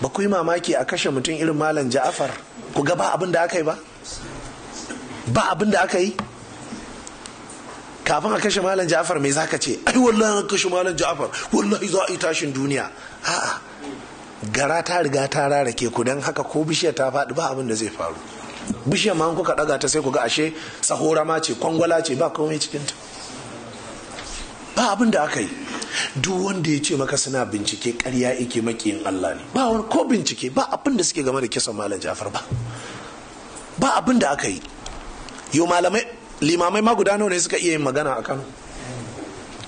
ba ku yi mamaki a kashe mutum irin malam ja'afar ku ga ba abin da aka yi ba ba abin da aka yi kafin a kashe malam ja'afar mai zaka ce ai wallahi an kashe malam ja'afar wallahi za a yi tashin duniya a'a gara ta riga ta rarake ku don haka ko bishiyar ta faɗi ba abin da zai faru bishiyar ma kuka ɗaga ta sai ku ga ashe Sahora ma ce kwangwala ce ba komai cikinta ba abin da aka yi duk wanda ya ce maka suna bincike karya yake makiyin Allah ne ba wani ko bincike ba abin da suke game da kisan malam Jafar ba ba abin da aka yi yau malamai limamai ma guda ne suka iya yin magana a Kano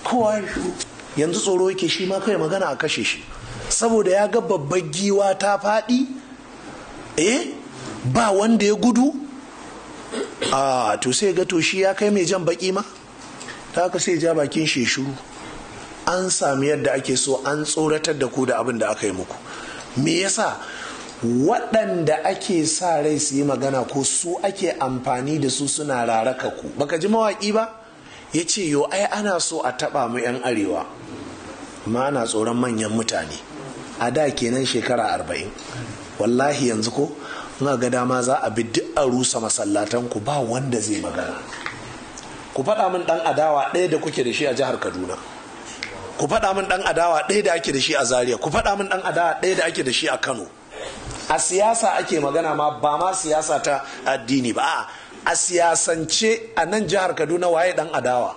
kowa yanzu tsoro yake shi ma kai magana a kashe shi saboda ya ga babbar giwa ta faɗi eh ba wanda ya gudu a ah, to sai ga to shi ya kai mai jan baki ma ta ka sai ja bakin shi shuru an sami yadda ake so an tsoratar da ku da abin da aka yi muku me yasa waɗanda ake sa rai su yi magana ko su ake amfani da su suna raraka ku baka ji mawaƙi ba ya ce yo ai ana so a taɓa mu 'yan arewa ma ana tsoron manyan mutane a da kenan shekara arba'in wallahi yanzu ko ina ga dama za a bi duk a rusa masallatan ku ba wanda zai magana ku faɗa min ɗan adawa ɗaya da kuke da shi a jihar kaduna ku faɗa min ɗan adawa ɗaya da ake da shi a zaria ku faɗa min ɗan adawa ɗaya da ake da shi a kano a siyasa ake magana ma ba ma siyasa ta addini ba a siyasance a nan jihar kaduna waye ɗan adawa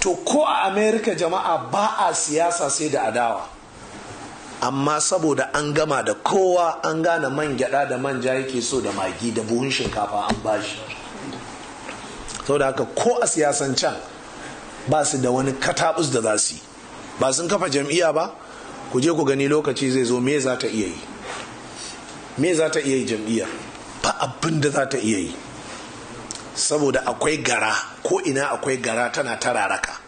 to ko a amerika jama'a ba a siyasa sai da adawa amma saboda an gama da kowa an gane man gyada da manja yake so da magi da buhun shinkafa an bashi saboda haka ko a siyasan can ba su da wani katabus da za su yi ba sun kafa jam'iyya ba ku je ku gani lokaci zai zo me za ta iya yi me za ta iya yi jam'iyya ba abin da za ta iya yi saboda akwai gara ko ina akwai gara tana tararaka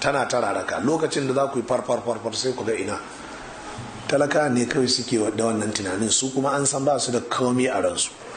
tana tararaka lokacin da za ku yi farfar sai ku ga ina talaka ne kawai suke da wannan tunanin su kuma an san ba su da komi a ransu